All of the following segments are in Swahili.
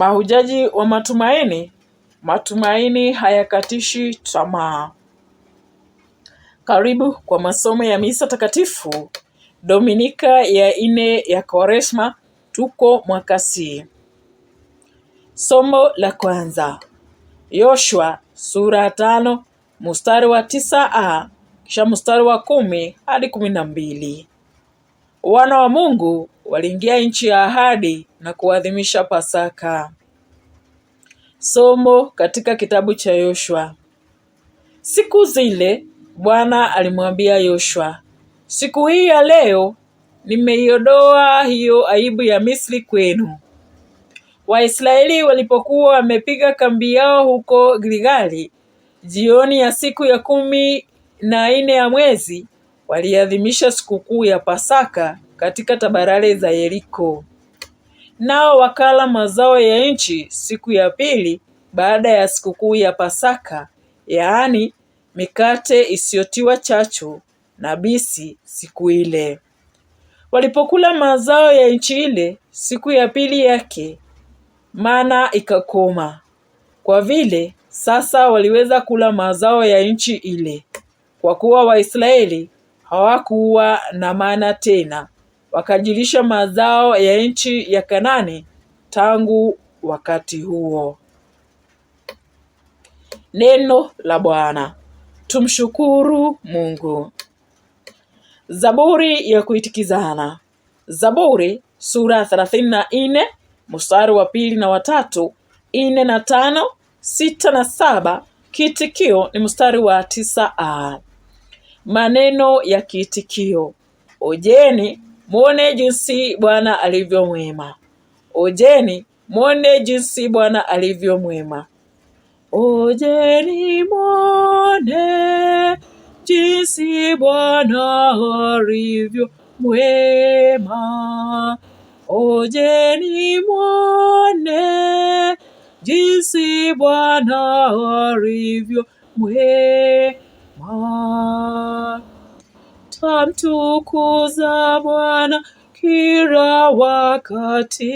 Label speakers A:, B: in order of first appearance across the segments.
A: Mahujaji wa matumaini, matumaini hayakatishi tamaa. Karibu kwa masomo ya misa takatifu Dominika ya nne ya Kwaresma, tuko mwaka C. Somo la kwanza, Yoshua sura tano mstari wa tisa a kisha mstari wa kumi hadi kumi na mbili wana wa Mungu waliingia nchi ya ahadi na kuadhimisha Pasaka. Somo katika kitabu cha Yoshua. Siku zile Bwana alimwambia Yoshua, siku hii ya leo nimeiondoa hiyo aibu ya Misri kwenu. Waisraeli walipokuwa wamepiga kambi yao huko giligali jioni ya siku ya kumi na nne ya mwezi waliadhimisha sikukuu ya Pasaka katika tabarale za Yeriko. Nao wakala mazao ya nchi siku ya pili baada ya sikukuu ya Pasaka, yaani mikate isiyotiwa chachu na bisi siku ile. Walipokula mazao ya nchi ile siku ya pili yake, mana ikakoma, kwa vile sasa waliweza kula mazao ya nchi ile, kwa kuwa Waisraeli hawakuwa na maana tena, wakajilisha mazao ya nchi ya kanani tangu wakati huo. Neno la Bwana. Tumshukuru Mungu. Zaburi ya kuitikizana. Zaburi sura thelathini na nne mstari wa pili na watatu, nne na tano, sita na saba, kitikio ni mstari wa tisa a maneno ya kiitikio: Ojeni mwone jinsi Bwana alivyo mwema, ojeni mwone jinsi Bwana alivyo mwema, ojeni mwone jinsi Bwana alivyo mwema, ojeni mwone jinsi Bwana alivyo mwema twamtukuza Bwana kila wakati,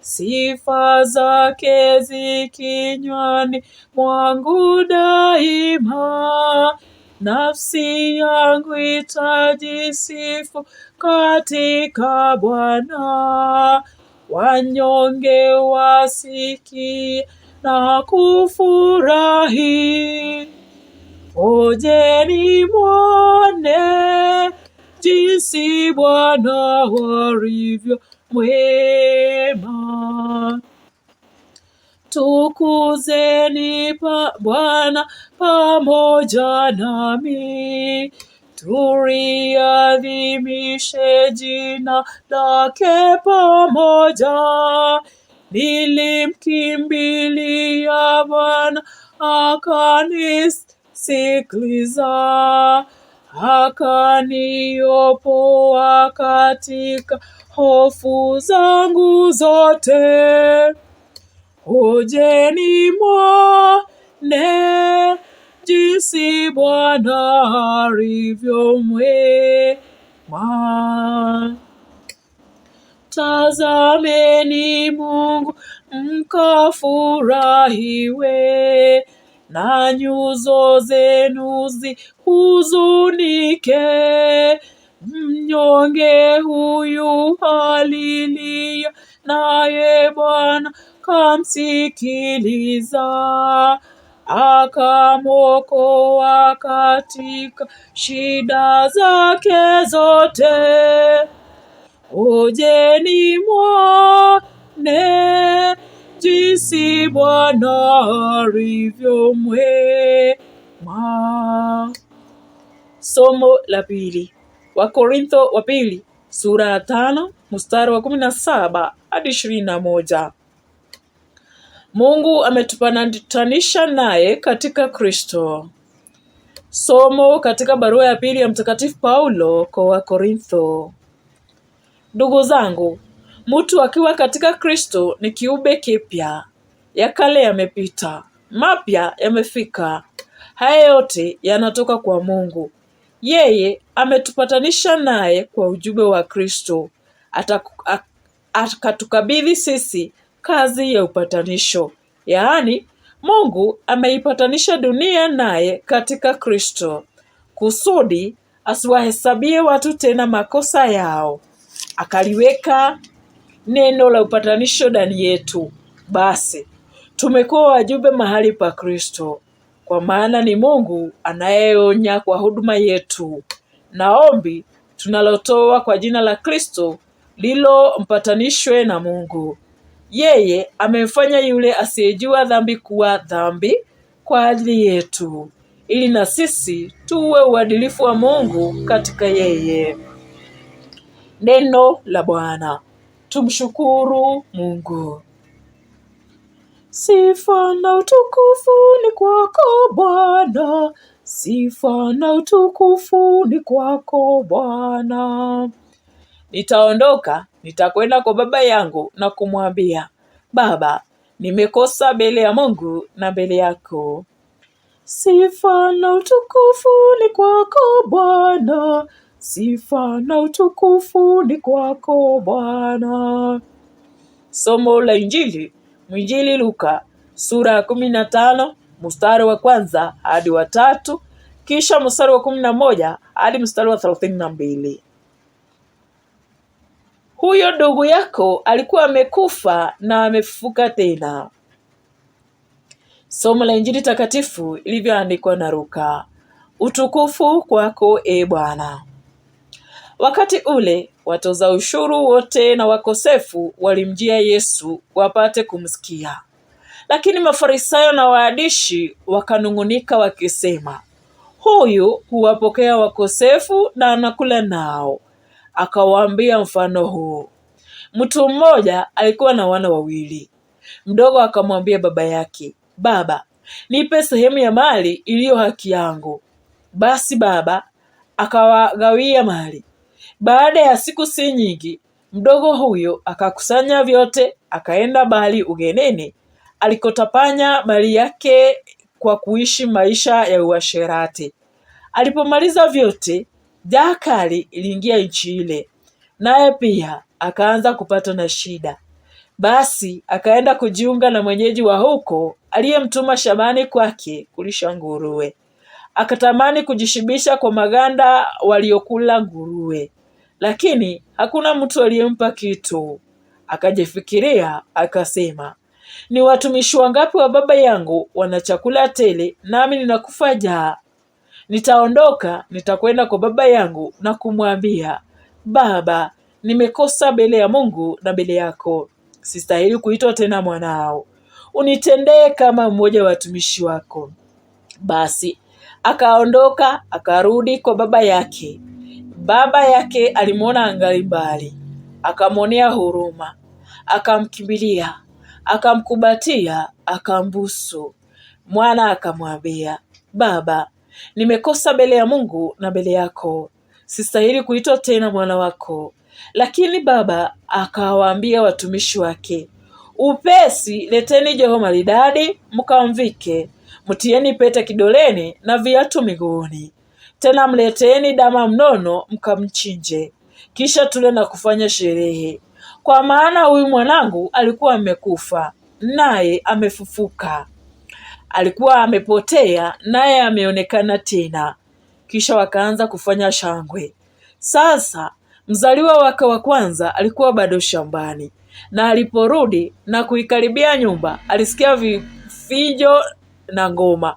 A: sifa zake zikinywani mwangu daima. Nafsi yangu itajisifu katika Bwana, wanyonge wasikie na kufurahi. Ojeni mwone jinsi Bwana warivyo mwema. Tukuzeni pa Bwana pamoja nami, turiadhimishe jina lake pamoja. Nilimkimbilia Bwana akanis sikiliza, akaniopoa katika hofu zangu zote. Hojeni mwone jinsi Bwana alivyo mwema. Tazameni Mungu mkafurahiwe na nyuso zenu zihuzunike. Mnyonge huyu halilia, naye Bwana kamsikiliza akamwokoa katika shida zake zote. Ojeni mwone jinsi Bwana alivyo mwema. Somo la pili, Wakorintho wa pili sura ya tano mstari wa kumi na saba hadi ishirini na moja. Mungu ametupatanisha naye katika Kristo. Somo katika barua ya pili ya Mtakatifu Paulo kwa Wakorintho. Ndugu zangu, Mtu akiwa katika Kristo ni kiumbe kipya, ya kale yamepita, mapya yamefika. Haya yote yanatoka kwa Mungu. Yeye ametupatanisha naye kwa ujumbe wa Kristo, akatukabidhi sisi kazi ya upatanisho, yaani Mungu ameipatanisha dunia naye katika Kristo, kusudi asiwahesabie watu tena makosa yao, akaliweka neno la upatanisho ndani yetu, basi tumekuwa wajumbe mahali pa Kristo, kwa maana ni Mungu anayeonya kwa huduma yetu na ombi tunalotoa kwa jina la Kristo lilo mpatanishwe na Mungu. Yeye amemfanya yule asiyejua dhambi kuwa dhambi kwa ajili yetu, ili na sisi tuwe uadilifu wa Mungu katika yeye. Neno la Bwana tumshukuru Mungu. Sifa na utukufu ni kwako Bwana, sifa na utukufu ni kwako Bwana. Nitaondoka, nitakwenda kwa baba yangu na kumwambia, Baba, nimekosa mbele ya Mungu na mbele yako. Sifa na utukufu ni kwako Bwana, Sifa na utukufu ni kwako Bwana. Somo la Injili, mwinjili Luka sura ya kumi na tano mstari wa kwanza hadi wa tatu kisha mstari wa kumi na moja hadi mstari wa thelathini na mbili. Huyo ndugu yako alikuwa amekufa na amefufuka tena. Somo la Injili takatifu ilivyoandikwa na Luka. Utukufu kwako e Bwana. Wakati ule watoza ushuru wote na wakosefu walimjia Yesu wapate kumsikia, lakini Mafarisayo na waandishi wakanung'unika wakisema, huyu huwapokea wakosefu na anakula nao. Akawaambia mfano huu: mtu mmoja alikuwa na wana wawili. Mdogo akamwambia baba yake, Baba, nipe sehemu ya mali iliyo haki yangu. Basi baba akawagawia mali. Baada ya siku si nyingi, mdogo huyo akakusanya vyote, akaenda bali ugenini alikotapanya mali yake kwa kuishi maisha ya uasherati. Alipomaliza vyote, jaa kali iliingia nchi ile, naye pia akaanza kupata na shida. Basi akaenda kujiunga na mwenyeji wa huko aliyemtuma shambani kwake kulisha nguruwe. Akatamani kujishibisha kwa maganda waliokula nguruwe lakini hakuna mtu aliyempa kitu. Akajifikiria akasema, ni watumishi wangapi wa baba yangu wana chakula tele, nami ninakufa njaa? Nitaondoka, nitakwenda kwa baba yangu na kumwambia, Baba, nimekosa mbele ya Mungu na mbele yako, sistahili kuitwa tena mwanao. Unitendee kama mmoja wa watumishi wako. Basi akaondoka akarudi kwa baba yake. Baba yake alimwona angali mbali, akamwonea huruma, akamkimbilia, akamkubatia akambusu. Mwana akamwambia, Baba, nimekosa mbele ya Mungu na mbele yako, sistahili kuitwa tena mwana wako. Lakini baba akawaambia watumishi wake, upesi leteni joho maridadi, mkamvike, mtieni pete kidoleni na viatu miguuni, tena mleteeni dama mnono mkamchinje, kisha tule na kufanya sherehe, kwa maana huyu mwanangu alikuwa amekufa naye amefufuka, alikuwa amepotea naye ameonekana tena. Kisha wakaanza kufanya shangwe. Sasa mzaliwa wake wa kwanza alikuwa bado shambani, na aliporudi na kuikaribia nyumba alisikia vifijo na ngoma.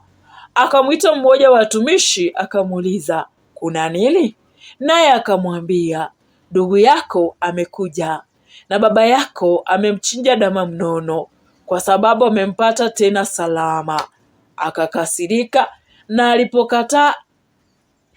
A: Akamwita mmoja wa watumishi akamuuliza, kuna nini? Naye akamwambia, ndugu yako amekuja na baba yako amemchinja dama mnono, kwa sababu amempata tena salama. Akakasirika, na alipokataa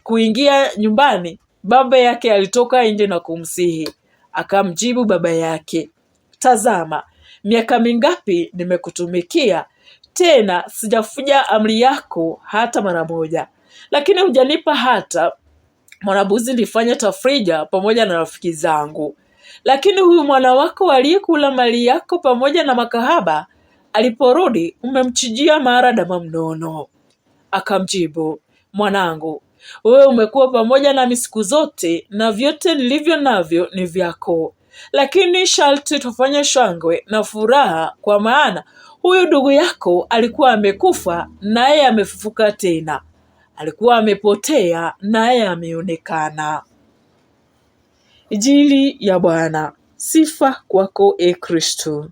A: kuingia nyumbani, baba yake alitoka nje na kumsihi. Akamjibu baba yake, tazama, miaka mingapi nimekutumikia tena sijafuja amri yako hata mara moja, lakini hujanipa hata mwanabuzi nifanye tafrija pamoja na rafiki zangu. Lakini huyu mwana wako aliyekula mali yako pamoja na makahaba, aliporudi umemchijia mara dama mnono. Akamjibu, mwanangu, wewe umekuwa pamoja nami siku zote, na vyote nilivyo navyo ni vyako lakini sharti tufanye shangwe na furaha, kwa maana huyu ndugu yako alikuwa amekufa naye amefufuka tena, alikuwa amepotea naye ameonekana. Injili ya Bwana. Sifa kwako, e Kristo.